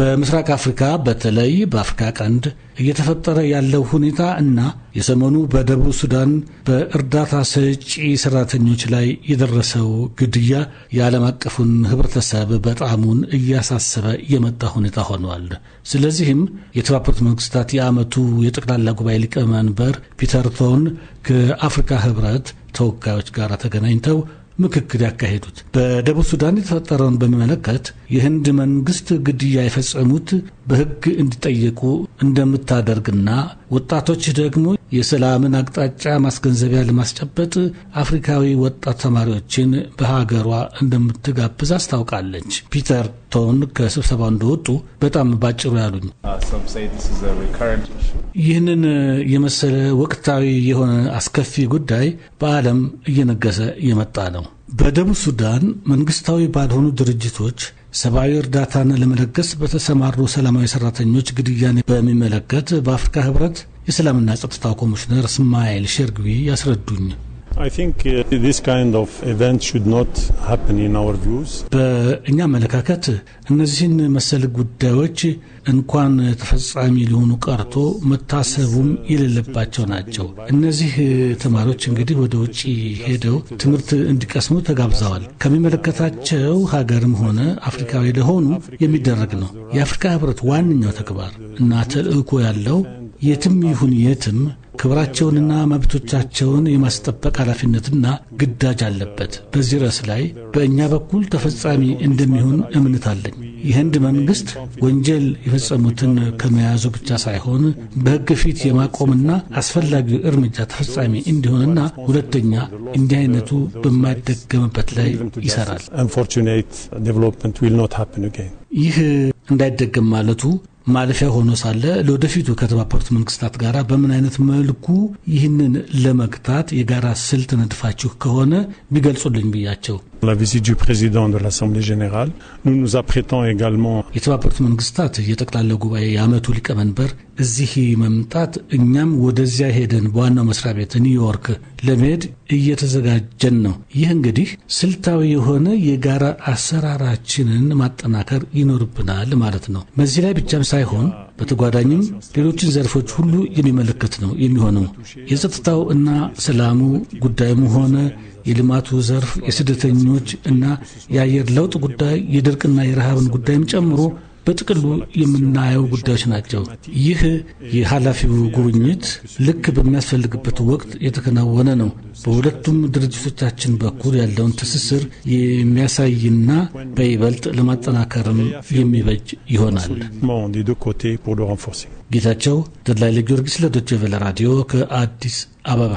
በምስራቅ አፍሪካ በተለይ በአፍሪካ ቀንድ እየተፈጠረ ያለው ሁኔታ እና የሰሞኑ በደቡብ ሱዳን በእርዳታ ሰጪ ሰራተኞች ላይ የደረሰው ግድያ የዓለም አቀፉን ሕብረተሰብ በጣሙን እያሳሰበ የመጣ ሁኔታ ሆኗል። ስለዚህም የተባበሩት መንግስታት የዓመቱ የጠቅላላ ጉባኤ ሊቀመንበር ፒተር ቶን ከአፍሪካ ሕብረት ተወካዮች ጋር ተገናኝተው ምክክር ያካሄዱት። በደቡብ ሱዳን የተፈጠረውን በሚመለከት የህንድ መንግስት ግድያ የፈጸሙት በህግ እንዲጠየቁ እንደምታደርግና ወጣቶች ደግሞ የሰላምን አቅጣጫ ማስገንዘቢያ ለማስጨበጥ አፍሪካዊ ወጣት ተማሪዎችን በሀገሯ እንደምትጋብዝ አስታውቃለች። ፒተር ቶን ከስብሰባው እንደወጡ በጣም ባጭሩ ያሉኝ ይህንን የመሰለ ወቅታዊ የሆነ አስከፊ ጉዳይ በዓለም እየነገሰ እየመጣ ነው። በደቡብ ሱዳን መንግስታዊ ባልሆኑ ድርጅቶች ሰብአዊ እርዳታን ለመለገስ በተሰማሩ ሰላማዊ ሰራተኞች ግድያን በሚመለከት በአፍሪካ ህብረት የሰላምና ጸጥታ ኮሚሽነር እስማኤል ሸርግቢ ያስረዱኝ። Uh, በእኛ አመለካከት እነዚህን መሰል ጉዳዮች እንኳን ተፈጻሚ ሊሆኑ ቀርቶ መታሰቡም የሌለባቸው ናቸው። እነዚህ ተማሪዎች እንግዲህ ወደ ውጭ ሄደው ትምህርት እንዲቀስሙ ተጋብዘዋል። ከሚመለከታቸው ሀገርም ሆነ አፍሪካዊ ለሆኑ የሚደረግ ነው። የአፍሪካ ሕብረት ዋነኛው ተግባር እና ተልእኮ ያለው የትም ይሁን የትም ክብራቸውንና መብቶቻቸውን የማስጠበቅ ኃላፊነትና ግዳጅ አለበት። በዚህ ርዕስ ላይ በእኛ በኩል ተፈጻሚ እንደሚሆን እምነት አለኝ። የህንድ መንግስት ወንጀል የፈጸሙትን ከመያዙ ብቻ ሳይሆን በህግ ፊት የማቆምና አስፈላጊው እርምጃ ተፈጻሚ እንዲሆንና ሁለተኛ እንዲህ አይነቱ በማይደገምበት ላይ ይሰራል። ይህ እንዳይደገም ማለቱ ማለፊያ ሆኖ ሳለ ለወደፊቱ ከተባበሩት መንግስታት ጋር በምን አይነት መልኩ ይህንን ለመግታት የጋራ ስልት ነድፋችሁ ከሆነ ቢገልጹልኝ ብያቸው la visite du président de l'Assemblée générale. Nous nous apprêtons également የተባበሩት መንግስታት የጠቅላላው ጉባኤ የአመቱ ሊቀመንበር እዚህ መምጣት እኛም ወደዚያ ሄደን በዋናው መስሪያ ቤት ኒውዮርክ ለመሄድ እየተዘጋጀን ነው። ይህ እንግዲህ ስልታዊ የሆነ የጋራ አሰራራችንን ማጠናከር ይኖርብናል ማለት ነው። በዚህ ላይ ብቻም ሳይሆን በተጓዳኝም ሌሎችን ዘርፎች ሁሉ የሚመለከት ነው የሚሆነው። የጸጥታው እና ሰላሙ ጉዳይም ሆነ የልማቱ ዘርፍ፣ የስደተኞች እና የአየር ለውጥ ጉዳይ፣ የድርቅና የረሃብን ጉዳይም ጨምሮ በጥቅሉ የምናየው ጉዳዮች ናቸው። ይህ የኃላፊው ጉብኝት ልክ በሚያስፈልግበት ወቅት የተከናወነ ነው። በሁለቱም ድርጅቶቻችን በኩል ያለውን ትስስር የሚያሳይና በይበልጥ ለማጠናከርም የሚበጅ ይሆናል። ጌታቸው ተድላይ ለጊዮርጊስ ለዶቼ ቬለ ራዲዮ ከአዲስ አበባ